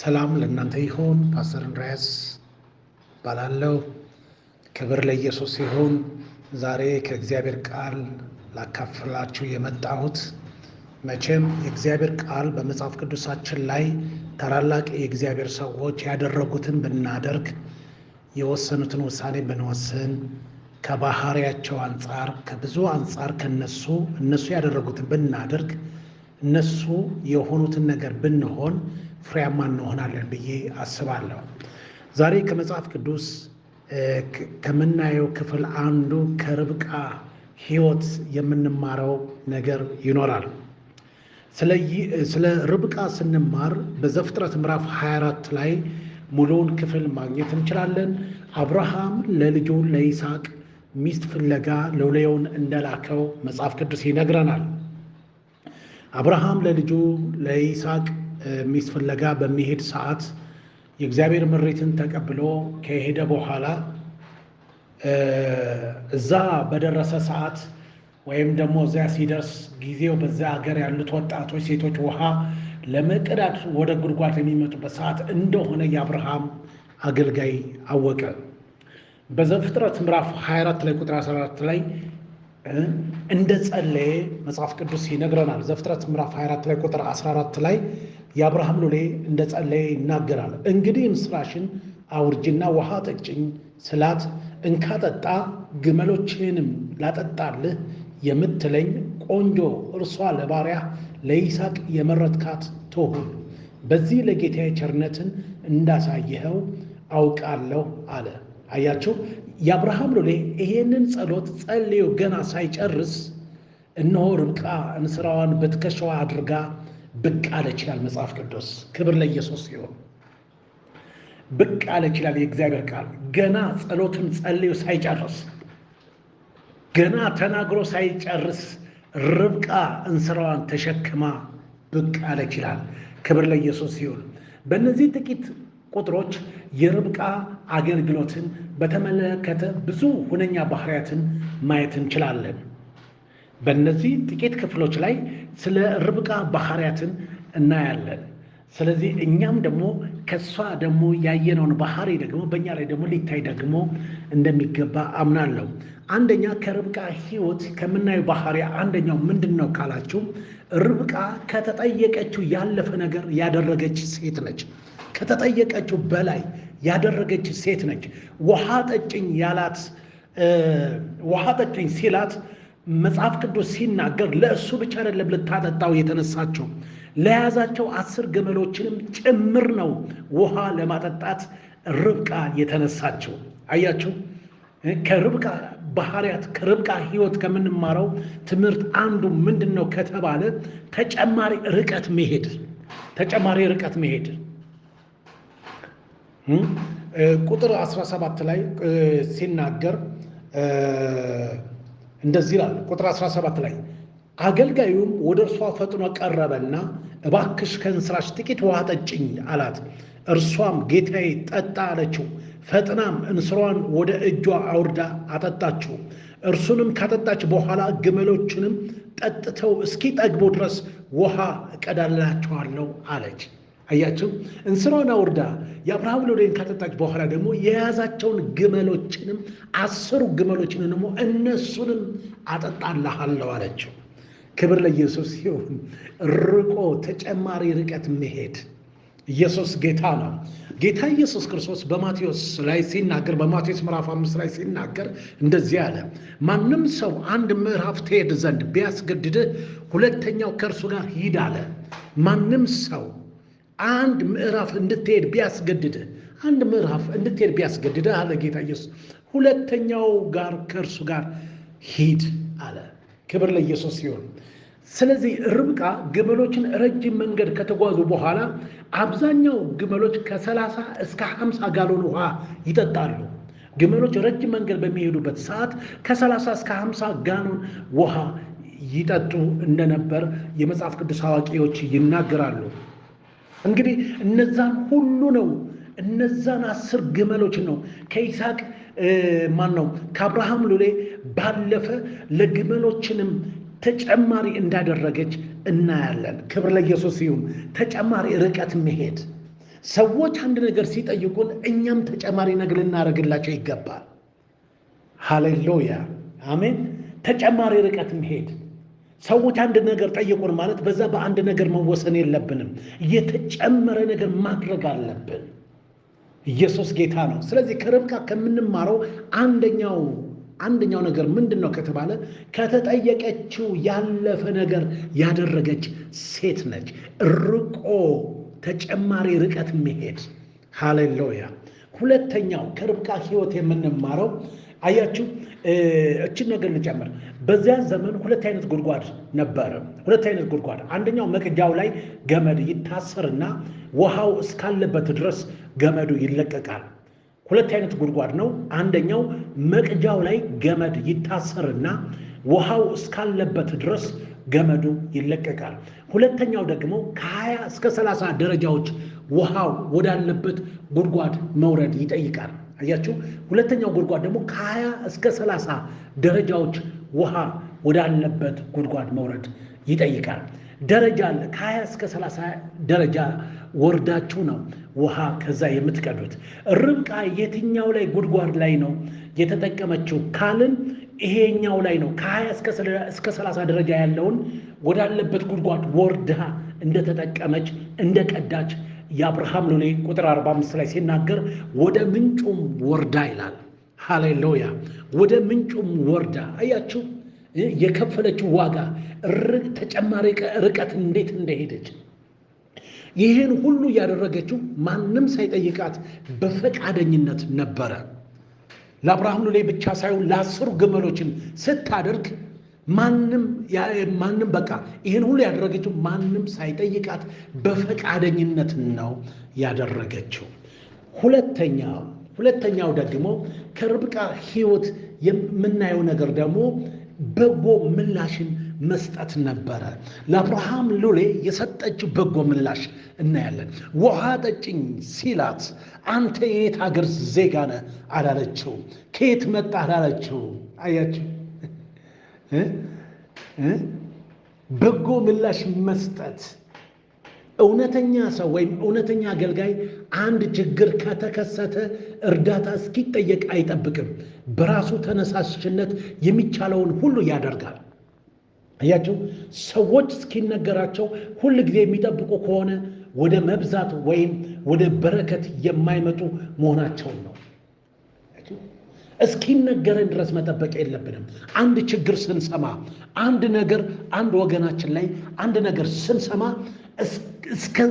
ሰላም ለእናንተ ይሁን። ፓስተር እንድርያስ ባላለው ክብር ለኢየሱስ ይሁን። ዛሬ ከእግዚአብሔር ቃል ላካፍላችሁ የመጣሁት መቼም የእግዚአብሔር ቃል በመጽሐፍ ቅዱሳችን ላይ ታላላቅ የእግዚአብሔር ሰዎች ያደረጉትን ብናደርግ የወሰኑትን ውሳኔ ብንወስን ከባህሪያቸው አንጻር ከብዙ አንጻር ከነሱ እነሱ ያደረጉትን ብናደርግ እነሱ የሆኑትን ነገር ብንሆን ፍሬያማ እንሆናለን ብዬ አስባለሁ። ዛሬ ከመጽሐፍ ቅዱስ ከምናየው ክፍል አንዱ ከርብቃ ሕይወት የምንማረው ነገር ይኖራል። ስለ ርብቃ ስንማር በዘፍጥረት ምዕራፍ 24 ላይ ሙሉውን ክፍል ማግኘት እንችላለን። አብርሃም ለልጁ ለይስሐቅ ሚስት ፍለጋ ሎሌውን እንደላከው መጽሐፍ ቅዱስ ይነግረናል። አብርሃም ለልጁ ለይስሐቅ ሚስት ፍለጋ በሚሄድ ሰዓት የእግዚአብሔር ምሪትን ተቀብሎ ከሄደ በኋላ እዛ በደረሰ ሰዓት ወይም ደግሞ እዚያ ሲደርስ ጊዜው በዛ ሀገር ያሉት ወጣቶች ሴቶች ውሃ ለመቅዳት ወደ ጉድጓድ የሚመጡበት ሰዓት እንደሆነ የአብርሃም አገልጋይ አወቀ። በዘፍጥረት ምዕራፍ 24 ላይ ቁጥር 14 ላይ እንደ ጸለየ መጽሐፍ ቅዱስ ይነግረናል። ዘፍጥረት ምዕራፍ 24 ላይ ቁጥር 14 ላይ የአብርሃም ሎሌ እንደጸለየ ይናገራል። እንግዲህ ምስራሽን አውርጅና ውሃ ጠጭኝ ስላት እንካጠጣ ግመሎችንም ግመሎችህንም ላጠጣልህ የምትለኝ ቆንጆ እርሷ ለባሪያ ለይስሐቅ የመረጥካት ትሁን። በዚህ ለጌታ ቸርነትን እንዳሳየኸው አውቃለሁ አለ። አያቸው የአብርሃም ሎሌ ይሄንን ጸሎት ጸልዮ ገና ሳይጨርስ እነሆ ርብቃ እንስራዋን በትከሻዋ አድርጋ ብቅ አለ ይችላል መጽሐፍ ቅዱስ። ክብር ለኢየሱስ ሲሆን ብቅ አለ ይችላል የእግዚአብሔር ቃል ገና ጸሎትን ጸልዮ ሳይጨርስ ገና ተናግሮ ሳይጨርስ ርብቃ እንስራዋን ተሸክማ ብቅ አለ ይችላል። ክብር ለኢየሱስ ሲሆን በእነዚህ ጥቂት ቁጥሮች የርብቃ አገልግሎትን በተመለከተ ብዙ ሁነኛ ባህሪያትን ማየት እንችላለን። በእነዚህ ጥቂት ክፍሎች ላይ ስለ ርብቃ ባህሪያትን እናያለን። ስለዚህ እኛም ደግሞ ከእሷ ደግሞ ያየነውን ባህሪ ደግሞ በእኛ ላይ ደግሞ ሊታይ ደግሞ እንደሚገባ አምናለሁ። አንደኛ ከርብቃ ሕይወት ከምናየው ባህሪ አንደኛው ምንድን ነው ካላችሁ፣ ርብቃ ከተጠየቀችው ያለፈ ነገር ያደረገች ሴት ነች። ከተጠየቀችው በላይ ያደረገች ሴት ነች። ውሃ ጠጭኝ ያላት ውሃ ጠጭኝ ሲላት መጽሐፍ ቅዱስ ሲናገር ለእሱ ብቻ አይደለም ልታጠጣው የተነሳቸው ለያዛቸው አስር ገመሎችንም ጭምር ነው ውሃ ለማጠጣት ርብቃ የተነሳቸው። አያቸው ከርብቃ ባህሪያት ከርብቃ ሕይወት ከምንማረው ትምህርት አንዱ ምንድን ነው ከተባለ ተጨማሪ ርቀት መሄድ ተጨማሪ ርቀት መሄድ ቁጥር 17 ላይ ሲናገር እንደዚህ ይላል ቁጥር 17 ላይ አገልጋዩም ወደ እርሷ ፈጥኖ ቀረበና እባክሽ ከእንስራሽ ጥቂት ውሃ ጠጭኝ አላት። እርሷም ጌታዬ ጠጣ አለችው። ፈጥናም እንስሯን ወደ እጇ አውርዳ አጠጣችው። እርሱንም ካጠጣች በኋላ ግመሎችንም ጠጥተው እስኪጠግቡ ድረስ ውሃ እቀዳላችኋለሁ አለች። አያቸው እንስራውን አውርዳ የአብርሃም ሎሌን ካጠጣች በኋላ ደግሞ የያዛቸውን ግመሎችንም አስሩ ግመሎችን ደግሞ እነሱንም አጠጣልሃለሁ አለችው። ክብር ለኢየሱስ ይሁን። ርቆ ተጨማሪ ርቀት መሄድ ኢየሱስ ጌታ ነው። ጌታ ኢየሱስ ክርስቶስ በማቴዎስ ላይ ሲናገር በማቴዎስ ምዕራፍ አምስት ላይ ሲናገር እንደዚህ አለ፣ ማንም ሰው አንድ ምዕራፍ ትሄድ ዘንድ ቢያስገድድህ ሁለተኛው ከእርሱ ጋር ሂድ አለ። ማንም ሰው አንድ ምዕራፍ እንድትሄድ ቢያስገድድ አንድ ምዕራፍ እንድትሄድ ቢያስገድድህ አለ ጌታ ኢየሱስ። ሁለተኛው ጋር ከእርሱ ጋር ሂድ አለ። ክብር ለኢየሱስ ሲሆን ስለዚህ ርብቃ ግመሎችን ረጅም መንገድ ከተጓዙ በኋላ አብዛኛው ግመሎች ከሰላሳ እስከ ሀምሳ ጋሎን ውሃ ይጠጣሉ። ግመሎች ረጅም መንገድ በሚሄዱበት ሰዓት ከሰላሳ እስከ ሀምሳ ጋሎን ውሃ ይጠጡ እንደነበር የመጽሐፍ ቅዱስ አዋቂዎች ይናገራሉ። እንግዲህ እነዛን ሁሉ ነው እነዛን አስር ግመሎች ነው ከይስሐቅ ማን ነው ከአብርሃም ሉሌ ባለፈ ለግመሎችንም ተጨማሪ እንዳደረገች እናያለን። ክብር ለኢየሱስ ይሁን። ተጨማሪ ርቀት መሄድ ሰዎች አንድ ነገር ሲጠይቁን እኛም ተጨማሪ ነገር ልናደርግላቸው ይገባል። ሃሌሉያ አሜን። ተጨማሪ ርቀት መሄድ ሰዎች አንድ ነገር ጠየቁን ማለት በዛ በአንድ ነገር መወሰን የለብንም። የተጨመረ ነገር ማድረግ አለብን። ኢየሱስ ጌታ ነው። ስለዚህ ከርብቃ ከምንማረው አንደኛው አንደኛው ነገር ምንድን ነው ከተባለ ከተጠየቀችው ያለፈ ነገር ያደረገች ሴት ነች። ርቆ ተጨማሪ ርቀት መሄድ። ሃሌሉያ። ሁለተኛው ከርብቃ ሕይወት የምንማረው አያችሁ፣ እችን ነገር ልጨምር። በዚያ ዘመን ሁለት አይነት ጉድጓድ ነበረ። ሁለት አይነት ጉድጓድ፣ አንደኛው መቅጃው ላይ ገመድ ይታሰርና ውሃው እስካለበት ድረስ ገመዱ ይለቀቃል። ሁለት አይነት ጉድጓድ ነው። አንደኛው መቅጃው ላይ ገመድ ይታሰርና ውሃው እስካለበት ድረስ ገመዱ ይለቀቃል። ሁለተኛው ደግሞ ከ20 እስከ 30 ደረጃዎች ውሃው ወዳለበት ጉድጓድ መውረድ ይጠይቃል። አያችሁ። ሁለተኛው ጉድጓድ ደግሞ ከሀያ እስከ ሰላሳ ደረጃዎች ውሃ ወዳለበት ጉድጓድ መውረድ ይጠይቃል። ደረጃ አለ። ከሀያ እስከ ሰላሳ ደረጃ ወርዳችሁ ነው ውሃ ከዛ የምትቀዱት። ርብቃ የትኛው ላይ ጉድጓድ ላይ ነው የተጠቀመችው ካልን ይሄኛው ላይ ነው። ከሀያ እስከ ሰላሳ ደረጃ ያለውን ወዳለበት ጉድጓድ ወርዳ እንደተጠቀመች እንደቀዳች የአብርሃም ሎሌ ቁጥር 45 ላይ ሲናገር ወደ ምንጩም ወርዳ ይላል። ሃሌሉያ ወደ ምንጩም ወርዳ አያችሁ፣ የከፈለችው ዋጋ ተጨማሪ ርቀት እንዴት እንደሄደች ይህን ሁሉ ያደረገችው ማንም ሳይጠይቃት በፈቃደኝነት ነበረ። ለአብርሃም ሎሌ ብቻ ሳይሆን ለአስሩ ግመሎችም ስታደርግ ማንም ማንም በቃ ይህን ሁሉ ያደረገችው ማንም ሳይጠይቃት በፈቃደኝነት ነው ያደረገችው። ሁለተኛው ሁለተኛው ደግሞ ከርብቃ ሕይወት የምናየው ነገር ደግሞ በጎ ምላሽን መስጠት ነበረ። ለአብርሃም ሉሌ የሰጠችው በጎ ምላሽ እናያለን። ውሃ ጠጭኝ ሲላት አንተ የየት ሀገር ዜጋ ነህ አላለችው፣ ከየት መጣ አላለችው። አያችው በጎ ምላሽ መስጠት። እውነተኛ ሰው ወይም እውነተኛ አገልጋይ አንድ ችግር ከተከሰተ እርዳታ እስኪጠየቅ አይጠብቅም። በራሱ ተነሳሽነት የሚቻለውን ሁሉ ያደርጋል። እያቸው ሰዎች እስኪነገራቸው ሁል ጊዜ የሚጠብቁ ከሆነ ወደ መብዛት ወይም ወደ በረከት የማይመጡ መሆናቸውን ነው። እስኪነገረን ድረስ መጠበቅ የለብንም። አንድ ችግር ስንሰማ፣ አንድ ነገር አንድ ወገናችን ላይ አንድ ነገር ስንሰማ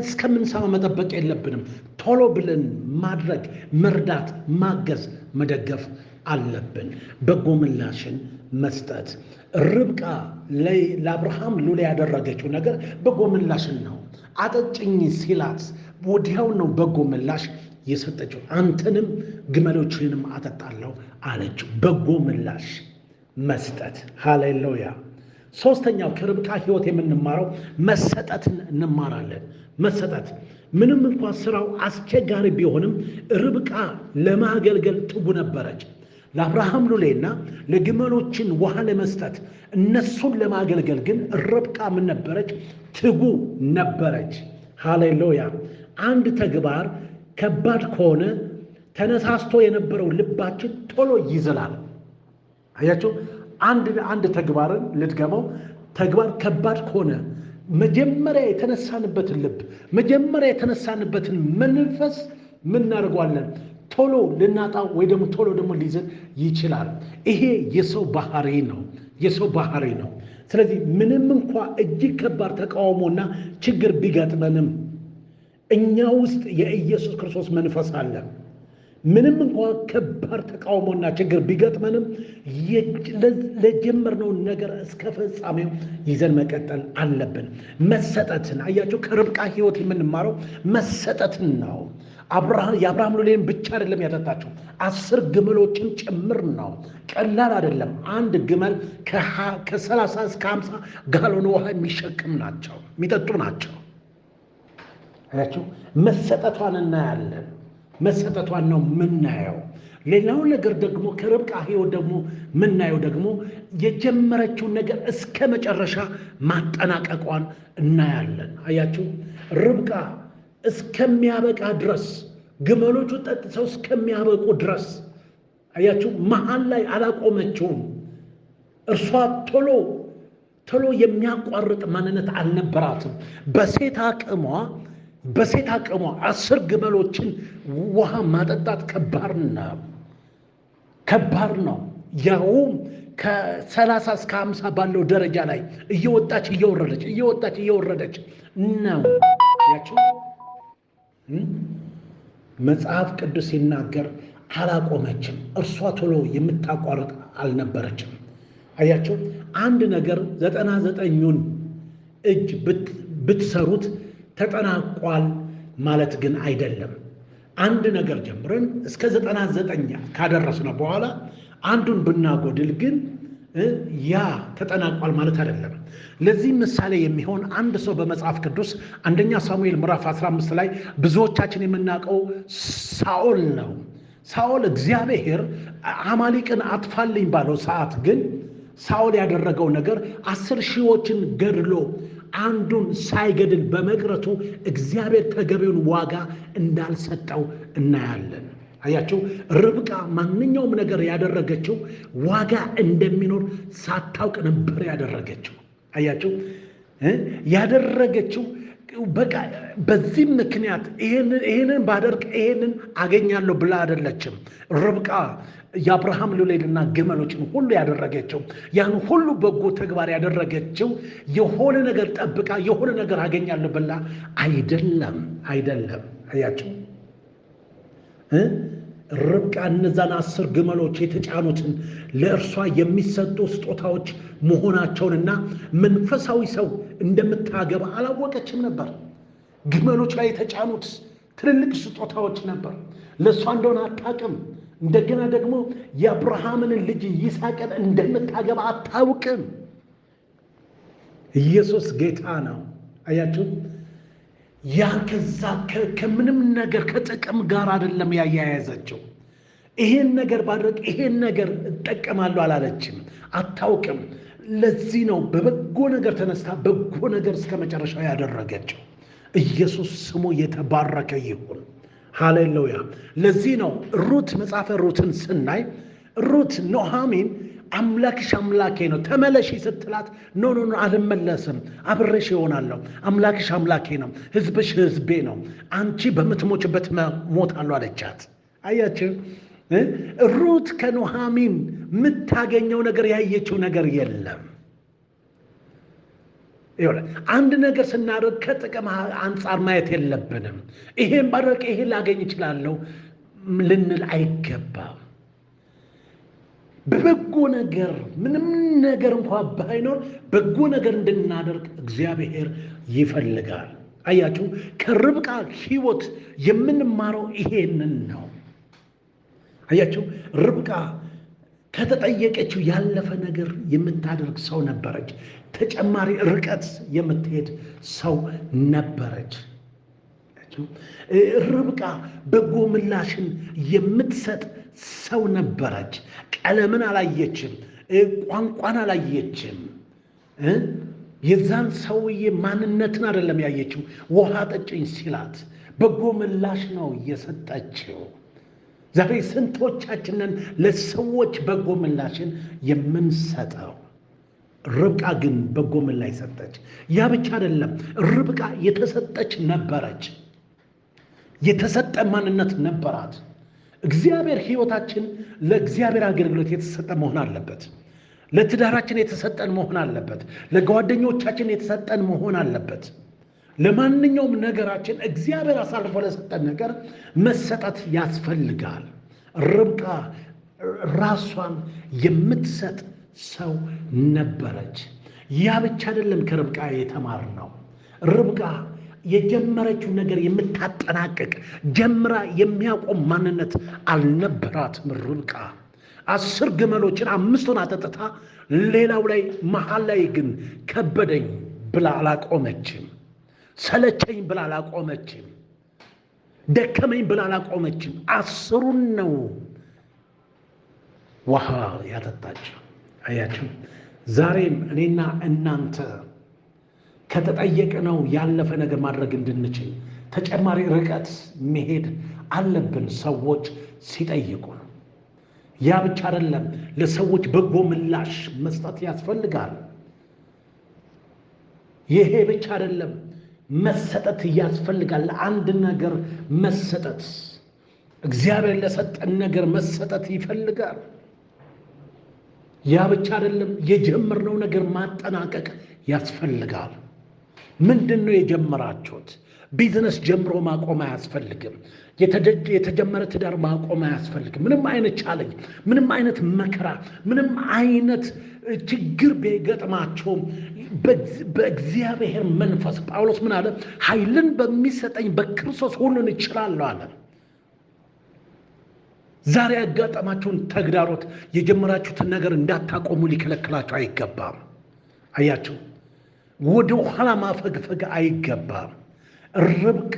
እስከምንሰማ መጠበቅ የለብንም። ቶሎ ብለን ማድረግ፣ መርዳት፣ ማገዝ፣ መደገፍ አለብን። በጎ ምላሽን መስጠት ርብቃ ለአብርሃም ሉላ ያደረገችው ነገር በጎ ምላሽን ነው። አጠጭኝ ሲላት ወዲያው ነው በጎ ምላሽ የሰጠችው አንተንም ግመሎችንም አጠጣለሁ አለችው። በጎ ምላሽ መስጠት። ሃሌሉያ። ሶስተኛው ከርብቃ ህይወት የምንማረው መሰጠትን እንማራለን። መሰጠት ምንም እንኳን ስራው አስቸጋሪ ቢሆንም ርብቃ ለማገልገል ትጉ ነበረች። ለአብርሃም ሉሌና ለግመሎችን ውሃ ለመስጠት እነሱን ለማገልገል ግን ርብቃ ምን ነበረች? ትጉ ነበረች። ሃሌሉያ። አንድ ተግባር ከባድ ከሆነ ተነሳስቶ የነበረው ልባችን ቶሎ ይዝላል። አያቸው። አንድ አንድ ተግባርን ልድገመው። ተግባር ከባድ ከሆነ መጀመሪያ የተነሳንበትን ልብ መጀመሪያ የተነሳንበትን መንፈስ ምን እናደርገዋለን? ቶሎ ልናጣው ወይ ደግሞ ቶሎ ደግሞ ሊይዘን ይችላል። ይሄ የሰው ባህሪ ነው፣ የሰው ባህሪ ነው። ስለዚህ ምንም እንኳ እጅግ ከባድ ተቃውሞና ችግር ቢገጥመንም እኛ ውስጥ የኢየሱስ ክርስቶስ መንፈስ አለ። ምንም እንኳን ከባድ ተቃውሞና ችግር ቢገጥመንም ለጀመርነውን ነገር እስከ ፍጻሜው ይዘን መቀጠል አለብን። መሰጠትን አያቸው። ከርብቃ ሕይወት የምንማረው መሰጠትን ነው። የአብርሃም ሎሌን ብቻ አይደለም ያጠጣቸው፣ አስር ግመሎችን ጭምር ነው። ቀላል አይደለም። አንድ ግመል ከሰላሳ እስከ ሀምሳ ጋሎን ውሃ የሚሸክም ናቸው፣ የሚጠጡ ናቸው። አያችሁ፣ መሰጠቷን እናያለን። መሰጠቷን ነው ምናየው። ሌላው ነገር ደግሞ ከርብቃ ሕይወት ደግሞ ምናየው ደግሞ የጀመረችውን ነገር እስከ መጨረሻ ማጠናቀቋን እናያለን። አያችሁ፣ ርብቃ እስከሚያበቃ ድረስ ግመሎቹ ጠጥተው እስከሚያበቁ ድረስ አያችሁ፣ መሀል ላይ አላቆመችውም። እርሷ ቶሎ ቶሎ የሚያቋርጥ ማንነት አልነበራትም። በሴት አቅሟ በሴት አቅሟ አስር ግመሎችን ውሃ ማጠጣት ከባድ ነው፣ ከባድ ነው። ያውም ከሰላሳ እስከ ሀምሳ ባለው ደረጃ ላይ እየወጣች እየወረደች እየወጣች እየወረደች ነው ያቸው። መጽሐፍ ቅዱስ ሲናገር አላቆመችም። እርሷ ቶሎ የምታቋርጥ አልነበረችም። አያቸው አንድ ነገር ዘጠና ዘጠኙን እጅ ብትሰሩት ተጠናቋል ማለት ግን አይደለም። አንድ ነገር ጀምረን እስከ ዘጠና ዘጠኛ ካደረስነ በኋላ አንዱን ብናጎድል ግን ያ ተጠናቋል ማለት አይደለም። ለዚህ ምሳሌ የሚሆን አንድ ሰው በመጽሐፍ ቅዱስ አንደኛ ሳሙኤል ምዕራፍ 15 ላይ ብዙዎቻችን የምናውቀው ሳኦል ነው። ሳኦል እግዚአብሔር አማሊቅን አጥፋልኝ ባለው ሰዓት ግን ሳኦል ያደረገው ነገር አስር ሺዎችን ገድሎ አንዱን ሳይገድል በመቅረቱ እግዚአብሔር ተገቢውን ዋጋ እንዳልሰጠው እናያለን። አያቸው ርብቃ ማንኛውም ነገር ያደረገችው ዋጋ እንደሚኖር ሳታውቅ ነበር ያደረገችው። አያቸው ያደረገችው በቃ በዚህ ምክንያት ይህንን ባደርግ ይህንን አገኛለሁ ብላ አይደለችም። ርብቃ የአብርሃም ሎሌልና ግመሎችን ሁሉ ያደረገችው ያን ሁሉ በጎ ተግባር ያደረገችው የሆነ ነገር ጠብቃ የሆነ ነገር አገኛለሁ ብላ አይደለም። አይደለም አያቸው ርብቃ እነዛን አስር ግመሎች የተጫኑትን ለእርሷ የሚሰጡ ስጦታዎች መሆናቸውንና መንፈሳዊ ሰው እንደምታገባ አላወቀችም ነበር። ግመሎች ላይ የተጫኑት ትልልቅ ስጦታዎች ነበር። ለእሷ እንደሆነ አታውቅም። እንደገና ደግሞ የአብርሃምን ልጅ ይስሐቅን እንደምታገባ አታውቅም። ኢየሱስ ጌታ ነው። አያችሁ። ያ ከዛ ከምንም ነገር ከጥቅም ጋር አይደለም ያያያዘችው። ይሄን ነገር ባድረግ ይሄን ነገር እጠቀማለሁ አላለችም፣ አታውቅም። ለዚህ ነው በበጎ ነገር ተነስታ በጎ ነገር እስከ መጨረሻ ያደረገችው። ኢየሱስ ስሙ የተባረከ ይሁን። ሃሌሉያ። ለዚህ ነው ሩት መጽሐፈ ሩትን ስናይ ሩት ኖሃሚን አምላክሽ አምላኬ ነው። ተመለሽ ስትላት ኖ ኖ ኖ አልመለስም፣ አብሬሽ ይሆናለሁ። አምላክሽ አምላኬ ነው፣ ህዝብሽ ህዝቤ ነው። አንቺ በምትሞችበት እሞታለሁ አለቻት። አያችሁ ሩት ከኑኃሚን የምታገኘው ነገር ያየችው ነገር የለም። አንድ ነገር ስናደርግ ከጥቅም አንጻር ማየት የለብንም። ይሄን ባደርግ ይሄ ላገኝ እችላለሁ ልንል አይገባም። በበጎ ነገር ምንም ነገር እንኳ ባይኖር በጎ ነገር እንድናደርግ እግዚአብሔር ይፈልጋል። አያችሁ፣ ከርብቃ ሕይወት የምንማረው ይሄንን ነው። አያችሁ፣ ርብቃ ከተጠየቀችው ያለፈ ነገር የምታደርግ ሰው ነበረች። ተጨማሪ ርቀት የምትሄድ ሰው ነበረች። የነበረችው ርብቃ በጎ ምላሽን የምትሰጥ ሰው ነበረች። ቀለምን አላየችም፣ ቋንቋን አላየችም። የዛን ሰውዬ ማንነትን አይደለም ያየችው። ውሃ ጠጭኝ ሲላት በጎ ምላሽ ነው እየሰጠችው። ዛሬ ስንቶቻችንን ለሰዎች በጎ ምላሽን የምንሰጠው? ርብቃ ግን በጎ ምላሽ ሰጠች። ያ ብቻ አይደለም፣ ርብቃ የተሰጠች ነበረች። የተሰጠ ማንነት ነበራት። እግዚአብሔር ህይወታችን ለእግዚአብሔር አገልግሎት የተሰጠ መሆን አለበት። ለትዳራችን የተሰጠን መሆን አለበት። ለጓደኞቻችን የተሰጠን መሆን አለበት። ለማንኛውም ነገራችን እግዚአብሔር አሳልፎ ለሰጠን ነገር መሰጠት ያስፈልጋል። ርብቃ ራሷን የምትሰጥ ሰው ነበረች። ያ ብቻ አይደለም ከርብቃ የተማርነው። ርብቃ የጀመረችው ነገር የምታጠናቅቅ ጀምራ የሚያቆም ማንነት አልነበራትም ርብቃ። አስር ግመሎችን አምስቱን አጠጥታ ሌላው ላይ መሀል ላይ ግን ከበደኝ ብላ አላቆመችም። ሰለቸኝ ብላ አላቆመችም። ደከመኝ ብላ አላቆመችም። አስሩን ነው ውሃ ያጠጣችው። አያችሁ ዛሬም እኔና እናንተ ከተጠየቅነው ያለፈ ነገር ማድረግ እንድንችል ተጨማሪ ርቀት መሄድ አለብን ሰዎች ሲጠይቁ ያ ብቻ አይደለም። ለሰዎች በጎ ምላሽ መስጠት ያስፈልጋል። ይሄ ብቻ አይደለም፣ መሰጠት ያስፈልጋል። ለአንድ ነገር መሰጠት፣ እግዚአብሔር ለሰጠን ነገር መሰጠት ይፈልጋል። ያ ብቻ አይደለም፣ የጀመርነው ነገር ማጠናቀቅ ያስፈልጋል። ምንድን ነው የጀመራችሁት? ቢዝነስ ጀምሮ ማቆም አያስፈልግም። የተጀመረ ትዳር ማቆም አያስፈልግም። ምንም አይነት ቻለኝ፣ ምንም አይነት መከራ፣ ምንም አይነት ችግር ቢገጥማቸውም በእግዚአብሔር መንፈስ ጳውሎስ ምን አለ? ኃይልን በሚሰጠኝ በክርስቶስ ሁሉን እችላለሁ አለ። ዛሬ ያጋጠማቸውን ተግዳሮት የጀመራችሁትን ነገር እንዳታቆሙ ሊከለክላቸው አይገባም። አያቸው። ወደ ኋላ ማፈግፈግ አይገባም። ርብቃ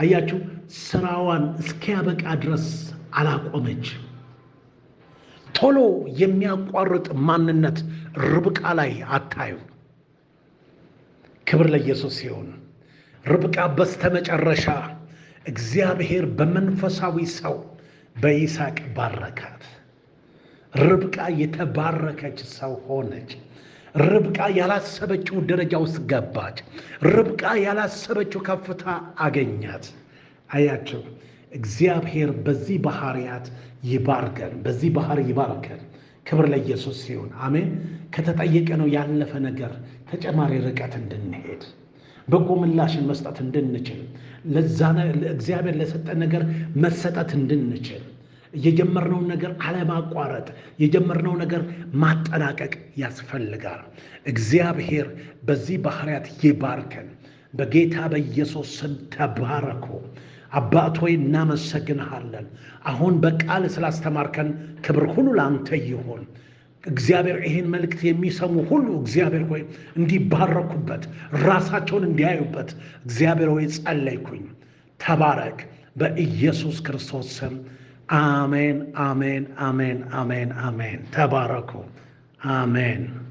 አያችሁ ስራዋን እስኪያበቃ ድረስ አላቆመች። ቶሎ የሚያቋርጥ ማንነት ርብቃ ላይ አታዩ። ክብር ለኢየሱስ ሲሆን ርብቃ በስተመጨረሻ እግዚአብሔር በመንፈሳዊ ሰው በይስሐቅ ባረካት። ርብቃ የተባረከች ሰው ሆነች። ርብቃ ያላሰበችው ደረጃ ውስጥ ገባች። ርብቃ ያላሰበችው ከፍታ አገኛት። አያቸው እግዚአብሔር በዚህ ባህሪያት ይባርከን፣ በዚህ ባህር ይባርከን። ክብር ለኢየሱስ ሲሆን አሜን። ከተጠየቀ ነው ያለፈ ነገር ተጨማሪ ርቀት እንድንሄድ በጎ ምላሽን መስጠት እንድንችል ለዛ እግዚአብሔር ለሰጠን ነገር መሰጠት እንድንችል የጀመርነውን ነገር አለማቋረጥ፣ የጀመርነው ነገር ማጠናቀቅ ያስፈልጋል። እግዚአብሔር በዚህ ባህርያት ይባርከን። በጌታ በኢየሱስ ስም ተባረኩ። አባት ሆይ እናመሰግንሃለን። አሁን በቃል ስላስተማርከን ክብር ሁሉ ለአንተ ይሁን። እግዚአብሔር ይህን መልእክት የሚሰሙ ሁሉ እግዚአብሔር ሆይ እንዲባረኩበት፣ ራሳቸውን እንዲያዩበት እግዚአብሔር ሆይ ጸለይኩኝ። ተባረክ በኢየሱስ ክርስቶስ ስም Amen, Amen, Amen, Amen, Amen. Tabarako. Amen.